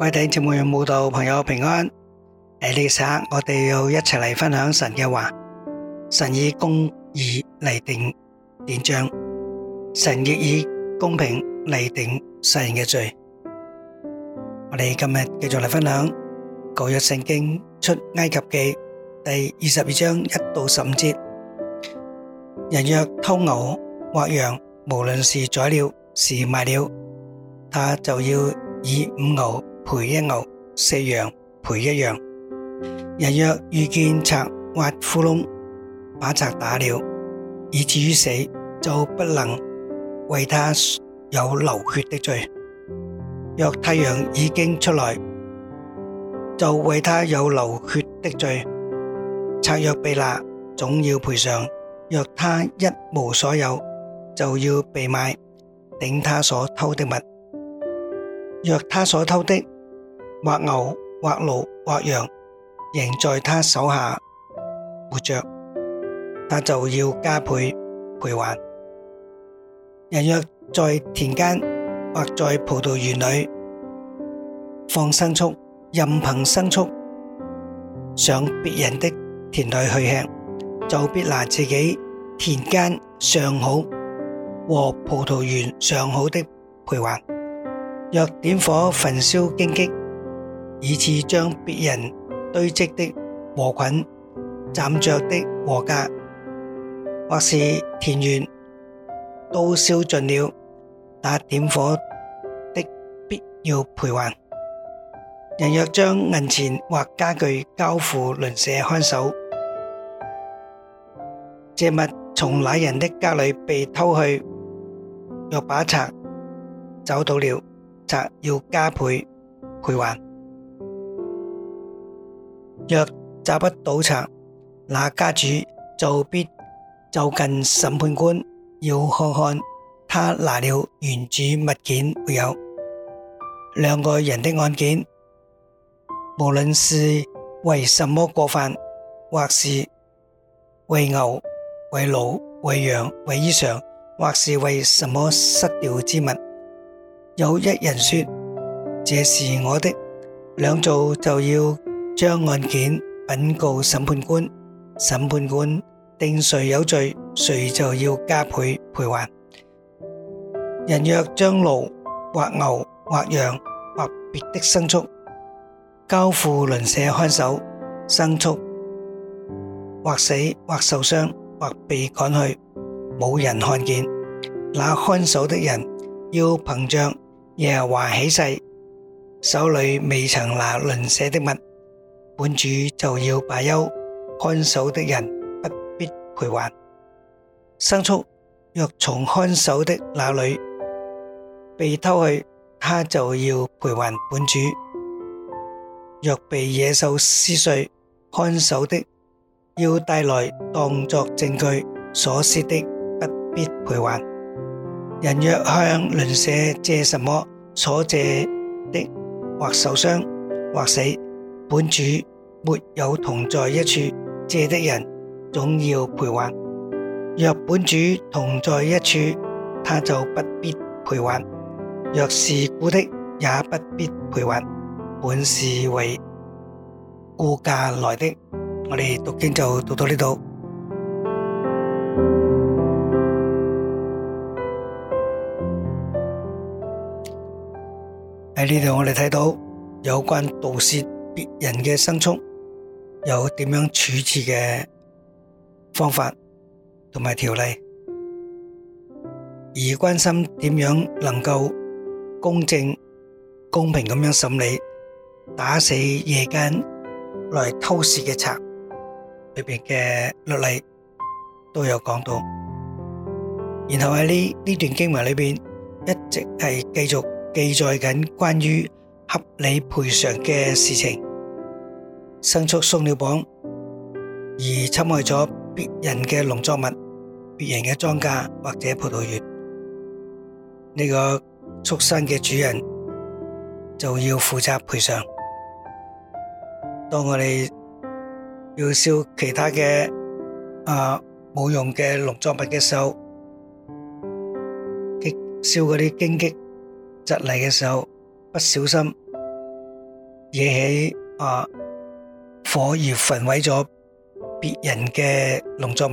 歡迎各位聽眾朋友平安，喺呢個時刻，我們要一起來分享神的話。神以公義來定典章，神亦以公平來定世人的罪。我哋今日繼續嚟分享舊約聖經出埃及記第二十二章一到十五節，人若偷牛或羊，無論是宰了是賣了，他就要以五牛賠一牛,四羊賠一羊。人若遇見賊挖窟窿,把賊打了,以至於死,就不能為他有流血的罪;若太陽已經出來,就為他有流血的罪。賊若被拿,總要賠償;若他一無所有,就要被賣,頂他所偷的物。若他所偷的，或牛、或驢、或羊，仍在他手下活着，他就要加倍賠還。人若在田間或在葡萄園裏放牲畜，任憑牲畜上別人的田裏去吃，就必拿自己田間上好和葡萄園上好的賠還。若點火焚燒荊棘，以致將別人堆積的禾捆，站着的禾稼，或是田園，都燒盡了，那點火的必要賠還。人若將銀錢或家具交付鄰舍看守，這物從那人的家裏被偷去，若把賊找到了，要加倍賠還，若找不到賊，那家主就必就近審判官，要看看他拿了原主物件沒有。兩個人的案件，無論是為什麼過犯，或是為牛、為驢、為羊、為衣裳，或是為什麼失掉之物。有一人說：這是我的兩造，就要將案件稟告審判官，審判官定誰有罪，誰就要加倍賠還。人若將驢或牛或羊或別的牲畜交付鄰舍看守，牲畜或死或受傷或被趕去，冇人看見，那看守的人。要憑著耶和華起誓，手裡未曾拿鄰舍的物，本主就要罷休；看守的人不必賠還。牲畜若從看守的那裡被偷去，他就要賠還本主。若被野獸撕碎，看守的要帶來當作證據，所撕的不必賠還。人若向鄰舍借什麼所借的或受傷或死，本主沒有同在一處借的人，總要賠還；若本主同在一處，他就不必賠還；若是雇的，也不必賠還，本是為雇價來的。我哋讀經就讀到呢度。喺呢度，我哋睇到有關盜竊別人嘅牲畜，有點樣處置嘅方法同埋條例，而關心點樣能夠公正公平咁樣審理打死夜間來偷竊嘅賊，裏邊嘅律例都有講到。然後喺呢呢段經文裏邊，一直係繼續。記載緊關於合理賠償嘅事情，牲畜鬆咗綁而侵害咗別人嘅農作物、別人嘅莊稼或者葡萄園，呢、這個畜生嘅主人就要負責賠償。當我哋要燒其他嘅啊冇用嘅農作物嘅時候，燒嗰啲荊棘。執泥嘅時候，不小心惹起啊火焰焚毀咗別人嘅農作物，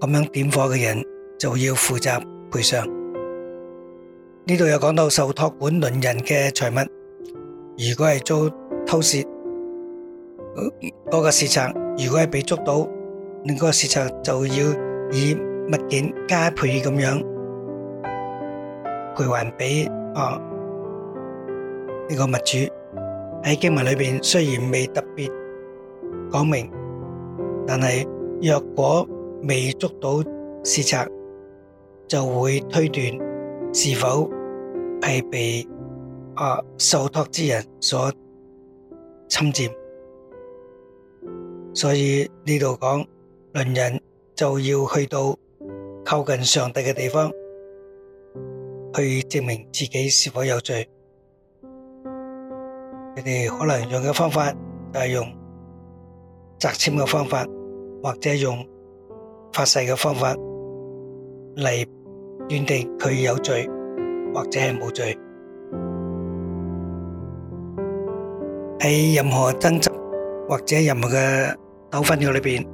咁樣點火嘅人就要負責賠償。呢度又講到受託管鄰人嘅財物，如果係遭偷竊，嗰個竊賊，如果係被捉到，嗰個竊賊就要以物件加倍咁樣。佢還俾啊呢個物主喺經文裏邊雖然未特別講明，但係若果未捉到竊賊，就會推斷是否係被啊受託之人所侵占。所以呢度講，鄰人就要去到靠近上帝嘅地方。去證明自己是否有罪，佢哋可能用嘅方法就係用擇簽嘅方法，或者用發誓嘅方法嚟斷定佢有罪或者係冇罪。喺任何爭執或者任何嘅糾紛嘅裏面，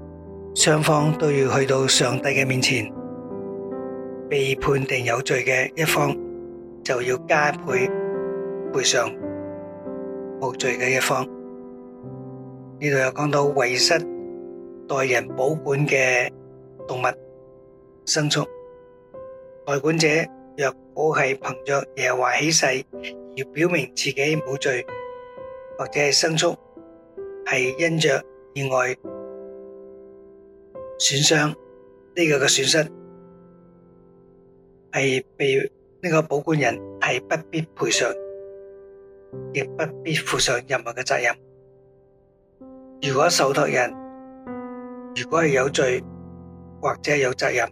雙方都要去到上帝嘅面前。被判定有罪的一方，就要加倍賠償無罪的一方。這裏又講到遺失代人保管的動物牲畜。係被呢個保管人係不必賠償，亦不必負上任何嘅責任。如果受託人，如果係有罪或者有責任，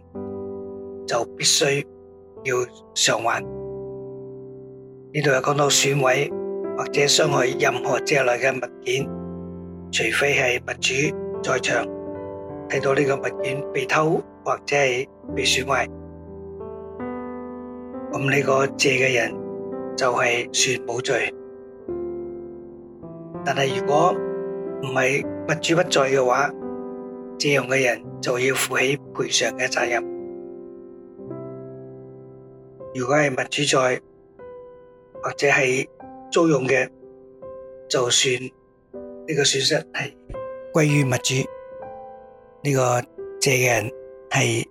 就必須要償還。呢度有講到損毀或者傷害任何借來嘅物件，除非係物主在場睇到呢個物件被偷或者係被損毀。咁呢個借嘅人就係算冇罪，但係如果唔係物主不在嘅話，借用嘅人就要負起賠償嘅責任。如果係物主在或者係租用嘅，就算呢個損失係歸於物主，呢、呢個借嘅人係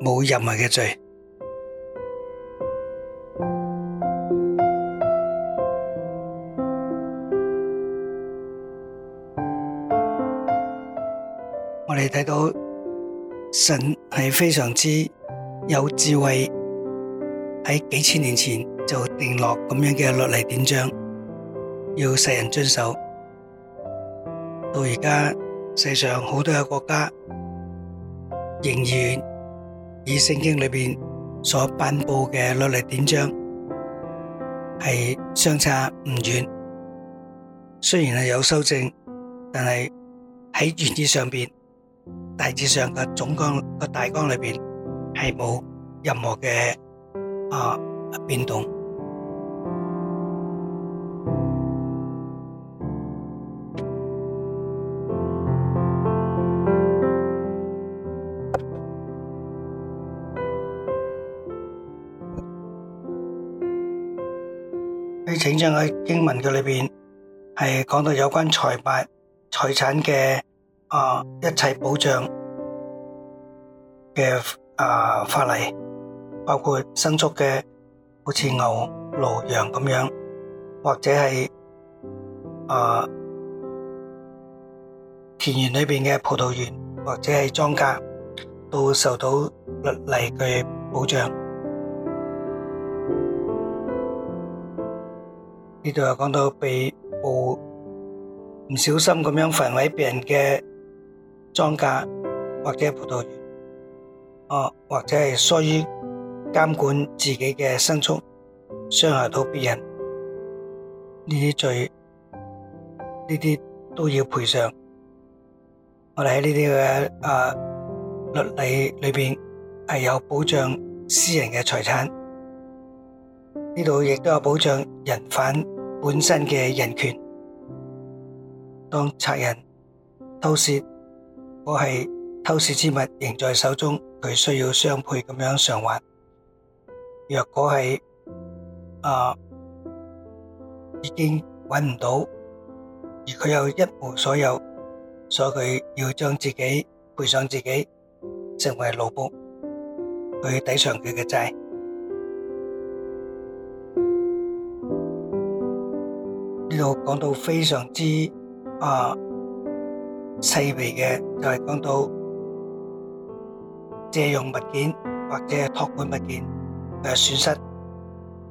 冇任何嘅罪。睇到神係非常之有智慧，喺幾千年前就定落咁樣嘅律例典章，要世人遵守。到而家世上好多嘅國家，仍然以聖經裏面所頒布嘅律例典章係相差唔遠，雖然係有修正，但係喺原則上面。大致上嘅總綱嘅大綱裏邊係冇任何嘅啊變動。喺 整張嘅經文嘅裏邊係講到有關財物財產嘅。啊！一切保障嘅啊法例，包括牲畜嘅，好似牛、驢、羊咁樣，或者係啊田園裏邊嘅葡萄園，或者係莊稼，都受到律例嘅保障。呢度又講到被捕唔小心咁樣焚毀別人嘅。莊稼或者葡萄園，哦或者係疏於監管自己嘅牲畜，傷害到別人呢啲罪，呢啲都要賠償。我哋喺呢啲嘅啊律例裏邊係有保障私人嘅財產，呢度亦都有保障人犯本身嘅人權。當賊人偷竊。如果係偷竊之物仍在手中，佢需要雙倍咁樣償還。若果係啊，已經搵唔到，而佢又一無所有，所以佢要將自己賠上自己，成為老僕去抵償佢嘅債。呢度講到非常之啊。細微嘅就係講到借用物件或者係託管物件嘅損失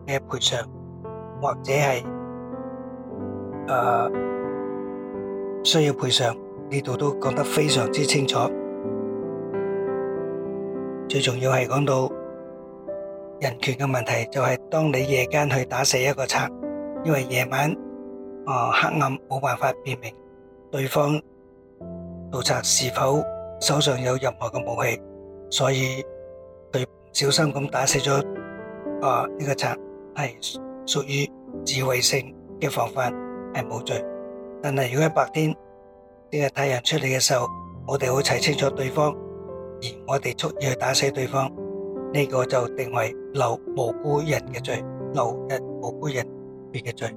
嘅賠償，或者係誒需要賠償。呢度都講得非常之清楚。最重要係講到人權嘅問題，就係當你夜間去打死一個賊，因為夜晚誒黑暗，冇辦法辨明對方。盜賊是否手上有任何嘅武器，所以佢唔小心咁打死咗啊呢個賊，係屬於自衛性嘅防範係冇罪。但係如果喺白天，即係太陽出嚟嘅時候，我哋會睇清楚對方，而我哋蓄意去打死對方，呢個就定為留無辜人嘅罪，留一無辜人別嘅罪。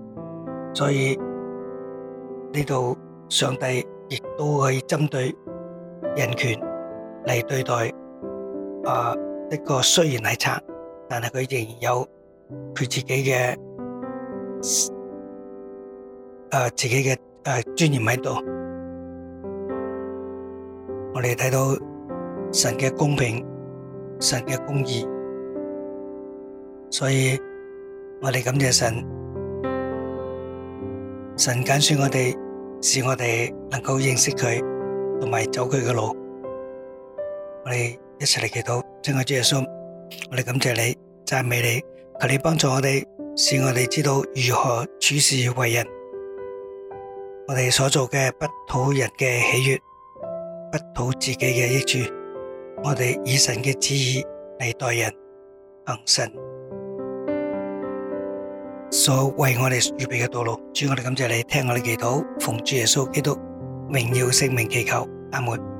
所以呢度上帝。亦都係針對人權嚟對待，誒，一個雖然係賊，但係佢仍然有佢自己嘅誒自己嘅誒尊嚴喺度。我哋睇到神嘅公平，神嘅公義，所以我哋感謝神，神揀選我哋。使我哋能夠認識佢，同埋走佢嘅路。我哋一齊嚟祈禱，親愛的主耶穌，我哋感謝你，讚美你，求你幫助我哋，使我哋知道如何處事為人。我哋所做嘅不討人嘅喜悅，不討自己嘅益處，我哋以神嘅旨意嚟待人，行神。所為我哋預備嘅道路。主，我哋感謝你，聽我哋祈禱，奉主耶穌基督榮耀嘅聖名祈求，阿門。